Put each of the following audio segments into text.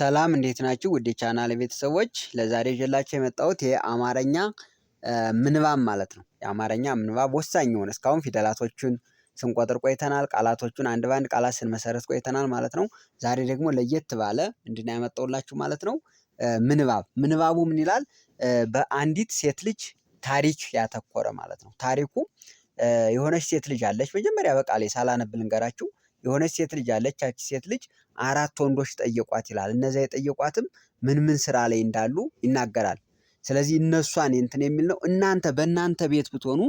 ሰላም እንዴት ናችሁ? ውድ ቻናል ቤተሰቦች ለዛሬ ይዤላችሁ የመጣሁት የአማርኛ ምንባብ ማለት ነው። የአማርኛ ምንባብ ወሳኝ የሆነ እስካሁን ፊደላቶቹን ስንቆጥር ቆይተናል። ቃላቶቹን አንድ በአንድ ቃላት ስንመሰረት ቆይተናል ማለት ነው። ዛሬ ደግሞ ለየት ባለ እንድና ያመጣሁላችሁ ማለት ነው ምንባብ። ምንባቡ ምን ይላል? በአንዲት ሴት ልጅ ታሪክ ያተኮረ ማለት ነው። ታሪኩ የሆነች ሴት ልጅ አለች። መጀመሪያ በቃሌ ሳላነብ ልንገራችሁ። የሆነች ሴት ልጅ አለች። ያቺ ሴት ልጅ አራት ወንዶች ጠየቋት ይላል። እነዚያ የጠየቋትም ምን ምን ስራ ላይ እንዳሉ ይናገራል። ስለዚህ እነሷን እንትን የሚል ነው። እናንተ በእናንተ ቤት ብትሆኑ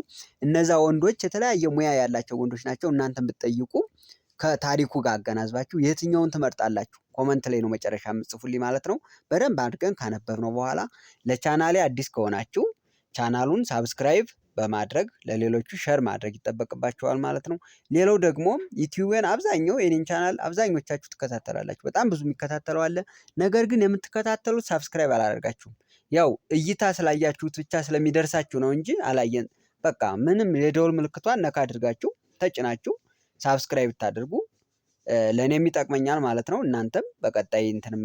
እነዛ ወንዶች የተለያየ ሙያ ያላቸው ወንዶች ናቸው። እናንተን ብትጠይቁ ከታሪኩ ጋር አገናዝባችሁ የትኛውን ትመርጣላችሁ? ኮመንት ላይ ነው መጨረሻ የምትጽፉልኝ ማለት ነው። በደንብ አድርገን ካነበብነው በኋላ ለቻናሌ አዲስ ከሆናችሁ ቻናሉን ሳብስክራይብ በማድረግ ለሌሎቹ ሸር ማድረግ ይጠበቅባቸዋል ማለት ነው። ሌላው ደግሞ ዩቲዩብን አብዛኛው የኔን ቻናል አብዛኞቻችሁ ትከታተላላችሁ። በጣም ብዙ የሚከታተለው አለ። ነገር ግን የምትከታተሉት ሳብስክራይብ አላደርጋችሁም። ያው እይታ ስላያችሁት ብቻ ስለሚደርሳችሁ ነው እንጂ አላየን በቃ ምንም የደውል ምልክቷን ነካ አድርጋችሁ ተጭናችሁ ሳብስክራይብ ብታደርጉ ለእኔም ይጠቅመኛል ማለት ነው። እናንተም በቀጣይ እንትን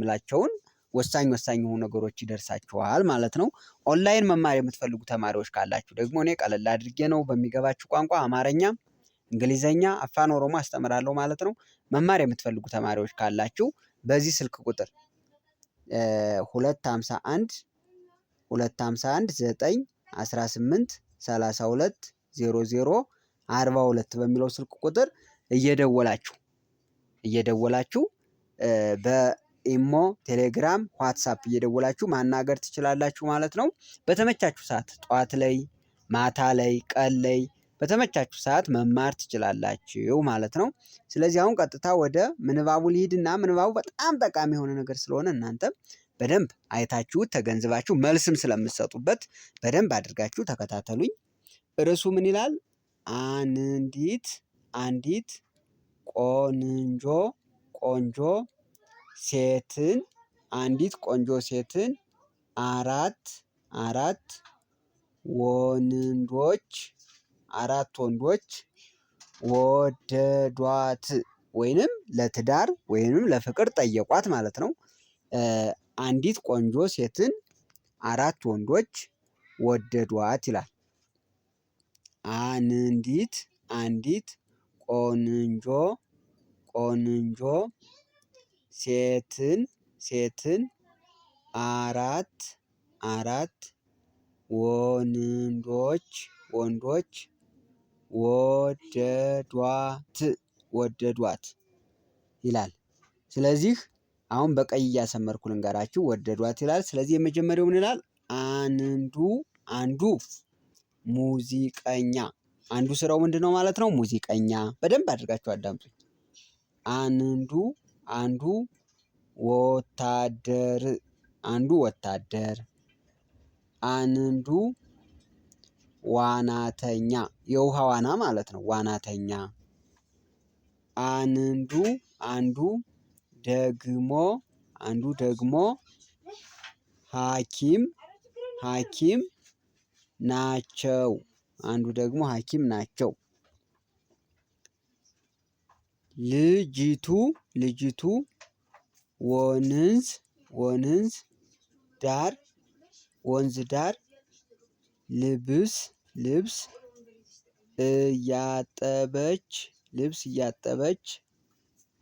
ወሳኝ ወሳኝ የሆኑ ነገሮች ይደርሳችኋል ማለት ነው። ኦንላይን መማር የምትፈልጉ ተማሪዎች ካላችሁ ደግሞ እኔ ቀለል አድርጌ ነው በሚገባችሁ ቋንቋ አማርኛ፣ እንግሊዘኛ፣ አፋን ኦሮሞ አስተምራለሁ ማለት ነው። መማር የምትፈልጉ ተማሪዎች ካላችሁ በዚህ ስልክ ቁጥር ሁለት ሀምሳ አንድ ሁለት ሀምሳ አንድ ዘጠኝ አስራ ስምንት ሰላሳ ሁለት ዜሮ ዜሮ አርባ ሁለት በሚለው ስልክ ቁጥር እየደወላችሁ እየደወላችሁ በ ኢሞ፣ ቴሌግራም፣ ዋትሳፕ እየደወላችሁ ማናገር ትችላላችሁ ማለት ነው። በተመቻችሁ ሰዓት ጠዋት ላይ፣ ማታ ላይ፣ ቀን ላይ በተመቻችሁ ሰዓት መማር ትችላላችሁ ማለት ነው። ስለዚህ አሁን ቀጥታ ወደ ምንባቡ ሊሂድና ምንባቡ በጣም ጠቃሚ የሆነ ነገር ስለሆነ እናንተ በደንብ አይታችሁት ተገንዝባችሁ መልስም ስለምትሰጡበት በደንብ አድርጋችሁ ተከታተሉኝ። ርዕሱ ምን ይላል? አንዲት አንዲት ቆንጆ ቆንጆ ሴትን አንዲት ቆንጆ ሴትን አራት አራት ወንዶች አራት ወንዶች ወደዷት ወይንም ለትዳር ወይንም ለፍቅር ጠየቋት ማለት ነው። አንዲት ቆንጆ ሴትን አራት ወንዶች ወደዷት ይላል። አንዲት አንዲት ቆንጆ ቆንጆ ሴትን ሴትን አራት አራት ወንዶች ወንዶች ወደዷት ወደዷት ይላል። ስለዚህ አሁን በቀይ እያሰመርኩ ልንገራችሁ ወደዷት ይላል። ስለዚህ የመጀመሪያው ምን ይላል? አንዱ አንዱ ሙዚቀኛ አንዱ ስራው ምንድን ነው ማለት ነው? ሙዚቀኛ። በደንብ አድርጋችሁ አዳምጡኝ። አንዱ አንዱ ወታደር አንዱ ወታደር አንዱ ዋናተኛ የውሃ ዋና ማለት ነው። ዋናተኛ አንዱ አንዱ ደግሞ አንዱ ደግሞ ሀኪም ሀኪም ናቸው። አንዱ ደግሞ ሀኪም ናቸው። ልጅቱ ልጅቱ ወንዝ ወንዝ ዳር ወንዝ ዳር ልብስ ልብስ እያጠበች ልብስ እያጠበች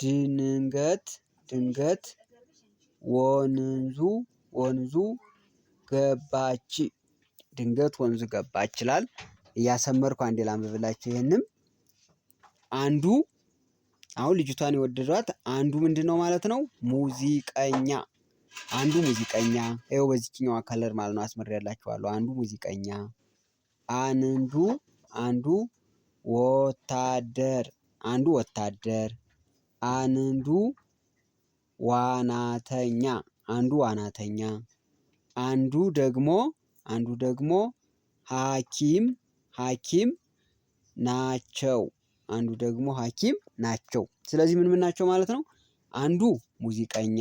ድንገት ድንገት ወንዙ ወንዙ ገባች ድንገት ወንዙ ገባች ይላል። እያሰመርኩ አንዴ ላንብብላችሁ ይህንም አንዱ አሁን ልጅቷን የወደዷት አንዱ ምንድነው ማለት ነው ሙዚቀኛ አንዱ ሙዚቀኛ ይኸው በዚችኛዋ ከለር ማለት ነው አስመር አስመሬያላችኋለሁ። አንዱ ሙዚቀኛ አንዱ አንዱ ወታደር አንዱ ወታደር አንዱ ዋናተኛ አንዱ ዋናተኛ አንዱ ደግሞ አንዱ ደግሞ ሐኪም ሐኪም ናቸው። አንዱ ደግሞ ሀኪም ናቸው። ስለዚህ ምን ምን ናቸው ማለት ነው? አንዱ ሙዚቀኛ፣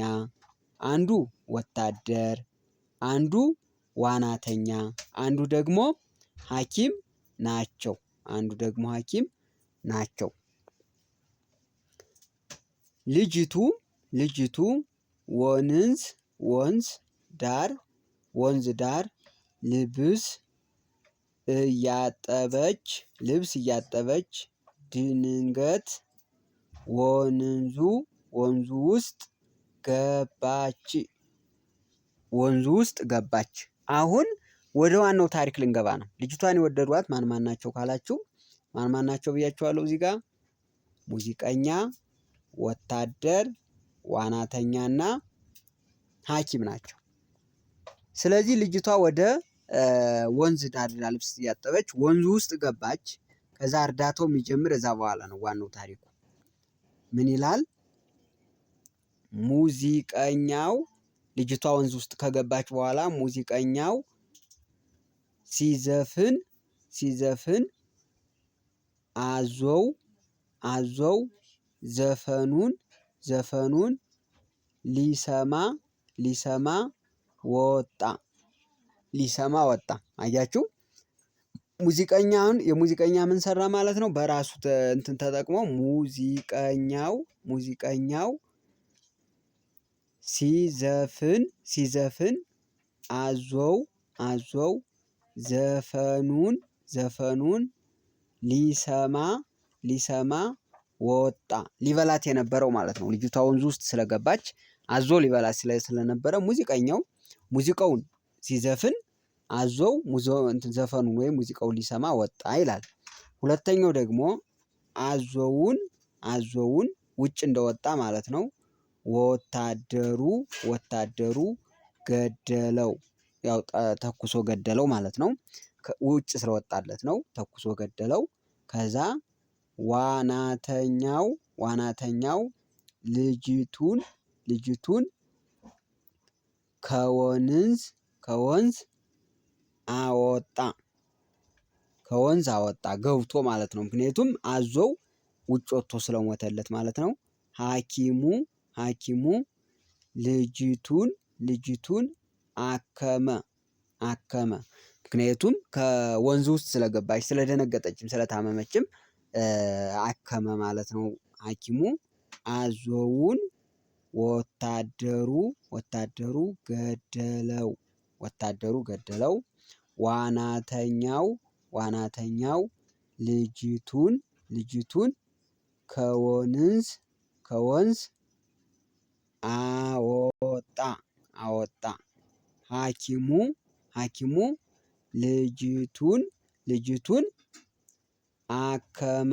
አንዱ ወታደር፣ አንዱ ዋናተኛ፣ አንዱ ደግሞ ሀኪም ናቸው። አንዱ ደግሞ ሀኪም ናቸው። ልጅቱ ልጅቱ ወንዝ ወንዝ ዳር ወንዝ ዳር ልብስ እያጠበች ልብስ እያጠበች ድንገት ወንዙ ወንዙ ውስጥ ገባች ወንዙ ውስጥ ገባች። አሁን ወደ ዋናው ታሪክ ልንገባ ነው። ልጅቷን የወደዷት ማን ማን ናቸው ካላችሁ ማን ማን ናቸው ብያችኋለሁ። እዚህ ጋር ሙዚቀኛ፣ ወታደር፣ ዋናተኛና ሐኪም ናቸው። ስለዚህ ልጅቷ ወደ ወንዝ ዳር ልብስ እያጠበች ወንዙ ውስጥ ገባች። ከዛ እርዳታው የሚጀምር እዛ በኋላ ነው ዋናው ታሪኩ። ምን ይላል? ሙዚቀኛው ልጅቷ ወንዝ ውስጥ ከገባች በኋላ ሙዚቀኛው ሲዘፍን ሲዘፍን አዞው አዞው ዘፈኑን ዘፈኑን ሊሰማ ሊሰማ ወጣ ሊሰማ ወጣ። አያችሁ ሙዚቀኛ የሙዚቀኛ ምን ሰራ ማለት ነው በራሱ እንትን ተጠቅሞ ሙዚቀኛው ሙዚቀኛው ሲዘፍን ሲዘፍን አዞው አዞው ዘፈኑን ዘፈኑን ሊሰማ ሊሰማ ወጣ ሊበላት የነበረው ማለት ነው። ልጅቷ ወንዙ ውስጥ ስለገባች አዞ ሊበላት ስለነበረ ሙዚቀኛው ሙዚቃውን ሲዘፍን አዞው ዘፈኑን ወይም ሙዚቃውን ሊሰማ ወጣ ይላል። ሁለተኛው ደግሞ አዞውን አዞውን ውጭ እንደወጣ ማለት ነው። ወታደሩ ወታደሩ ገደለው ያው ተኩሶ ገደለው ማለት ነው። ውጭ ስለወጣለት ነው ተኩሶ ገደለው። ከዛ ዋናተኛው ዋናተኛው ልጅቱን ልጅቱን ከወንዝ ከወንዝ አወጣ ከወንዝ አወጣ ገብቶ ማለት ነው። ምክንያቱም አዞው ውጭ ወጥቶ ስለሞተለት ማለት ነው። ሀኪሙ ሀኪሙ ልጅቱን ልጅቱን አከመ አከመ ምክንያቱም ከወንዝ ውስጥ ስለገባች ስለደነገጠችም ስለታመመችም አከመ ማለት ነው። ሀኪሙ አዞውን ወታደሩ ወታደሩ ገደለው ወታደሩ ገደለው ዋናተኛው ዋናተኛው ልጅቱን ልጅቱን ከወንዝ ከወንዝ አወጣ አወጣ ሀኪሙ ሀኪሙ ልጅቱን ልጅቱን አከመ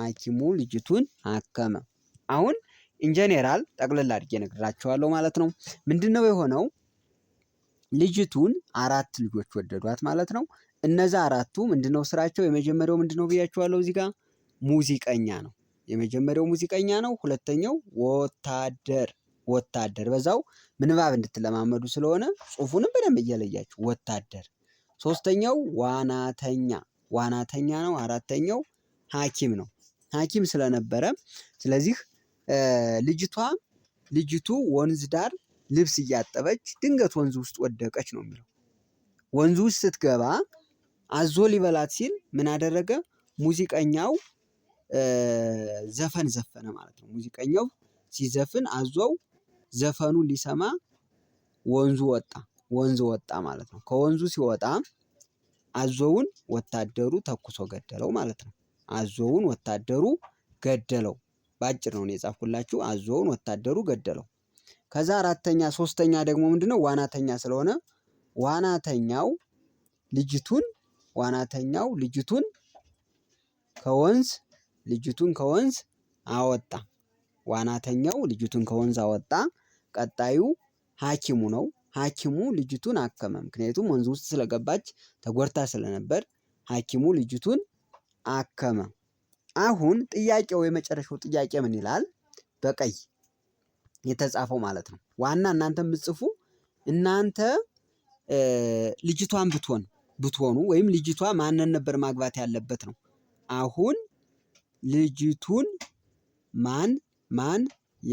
ሀኪሙ ልጅቱን አከመ። አሁን ኢንጀኔራል ጠቅልላ አድርጌ እነግራችኋለሁ ማለት ነው። ምንድነው የሆነው ልጅቱን አራት ልጆች ወደዷት ማለት ነው። እነዛ አራቱ ምንድነው ስራቸው? የመጀመሪያው ምንድነው ብያቸዋለሁ። እዚህ ጋር ሙዚቀኛ ነው። የመጀመሪያው ሙዚቀኛ ነው። ሁለተኛው ወታደር ወታደር በዛው ምንባብ እንድትለማመዱ ስለሆነ ጽሁፉንም በደንብ እየለያችሁ ወታደር። ሶስተኛው ዋናተኛ ዋናተኛ ነው። አራተኛው ሐኪም ነው። ሐኪም ስለነበረ ስለዚህ ልጅቷ ልጅቱ ወንዝ ዳር ልብስ እያጠበች ድንገት ወንዝ ውስጥ ወደቀች ነው የሚለው። ወንዝ ውስጥ ስትገባ አዞ ሊበላት ሲል ምን አደረገ? ሙዚቀኛው ዘፈን ዘፈነ ማለት ነው። ሙዚቀኛው ሲዘፍን አዞው ዘፈኑ ሊሰማ ወንዙ ወጣ፣ ወንዝ ወጣ ማለት ነው። ከወንዙ ሲወጣ አዞውን ወታደሩ ተኩሶ ገደለው ማለት ነው። አዞውን ወታደሩ ገደለው። ባጭር ነው የጻፍኩላችሁ። አዞውን ወታደሩ ገደለው። ከዛ አራተኛ ሶስተኛ ደግሞ ምንድነው ዋናተኛ ስለሆነ ዋናተኛው ልጅቱን ዋናተኛው ልጅቱን ከወንዝ ልጅቱን ከወንዝ አወጣ ዋናተኛው ልጅቱን ከወንዝ አወጣ። ቀጣዩ ሀኪሙ ነው ሀኪሙ ልጅቱን አከመ ምክንያቱም ወንዝ ውስጥ ስለገባች ተጎድታ ስለነበር ሀኪሙ ልጅቱን አከመ። አሁን ጥያቄው የመጨረሻው ጥያቄ ምን ይላል? በቀይ የተጻፈው ማለት ነው። ዋና እናንተ የምትጽፉ እናንተ ልጅቷን ብትሆን ብትሆኑ ወይም ልጅቷ ማንን ነበር ማግባት ያለበት ነው። አሁን ልጅቱን ማን ማን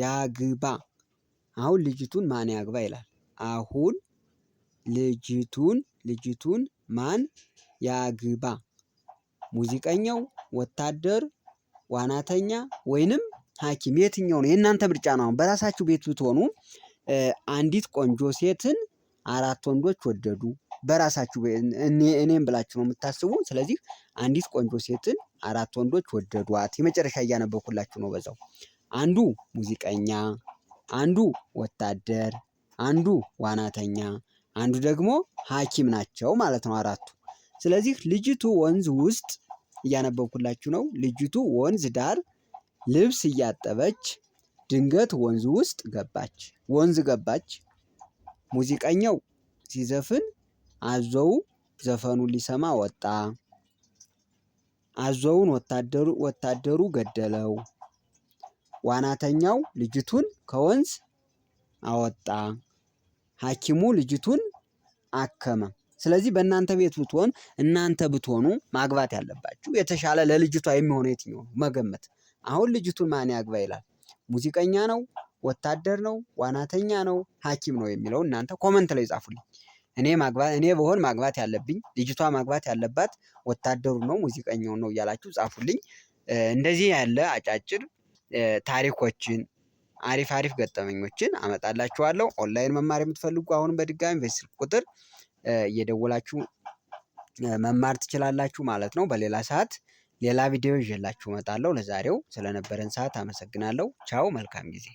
ያግባ? አሁን ልጅቱን ማን ያግባ ይላል። አሁን ልጅቱን ልጅቱን ማን ያግባ? ሙዚቀኛው፣ ወታደር፣ ዋናተኛ ወይንም ሐኪም የትኛው ነው? የእናንተ ምርጫ ነው። አሁን በራሳችሁ ቤት ብትሆኑ አንዲት ቆንጆ ሴትን አራት ወንዶች ወደዱ። በራሳችሁ እኔም ብላችሁ ነው የምታስቡ። ስለዚህ አንዲት ቆንጆ ሴትን አራት ወንዶች ወደዷት። የመጨረሻ እያነበብኩላችሁ ነው። በዛው አንዱ ሙዚቀኛ፣ አንዱ ወታደር፣ አንዱ ዋናተኛ፣ አንዱ ደግሞ ሐኪም ናቸው ማለት ነው አራቱ። ስለዚህ ልጅቱ ወንዝ ውስጥ እያነበብኩላችሁ ነው። ልጅቱ ወንዝ ዳር ልብስ እያጠበች ድንገት ወንዝ ውስጥ ገባች ወንዝ ገባች። ሙዚቀኛው ሲዘፍን አዞው ዘፈኑን ሊሰማ ወጣ። አዞውን ወታደሩ ወታደሩ ገደለው። ዋናተኛው ልጅቱን ከወንዝ አወጣ። ሐኪሙ ልጅቱን አከመ። ስለዚህ በእናንተ ቤት ብትሆን እናንተ ብትሆኑ ማግባት ያለባችሁ የተሻለ ለልጅቷ የሚሆነ የትኛው ነው መገመት አሁን ልጅቱን ማን ያግባ ይላል? ሙዚቀኛ ነው ወታደር ነው ዋናተኛ ነው ሀኪም ነው የሚለው እናንተ ኮመንት ላይ ጻፉልኝ። እኔ ማግባት እኔ በሆን ማግባት ያለብኝ ልጅቷ ማግባት ያለባት ወታደሩ ነው ሙዚቀኛውን ነው እያላችሁ ጻፉልኝ። እንደዚህ ያለ አጫጭር ታሪኮችን አሪፍ አሪፍ ገጠመኞችን አመጣላችኋለሁ። ኦንላይን መማር የምትፈልጉ አሁንም በድጋሚ በስልክ ቁጥር እየደወላችሁ መማር ትችላላችሁ ማለት ነው። በሌላ ሰዓት ሌላ ቪዲዮ ይዤላችሁ እመጣለሁ። ለዛሬው ስለነበረን ሰዓት አመሰግናለሁ። ቻው፣ መልካም ጊዜ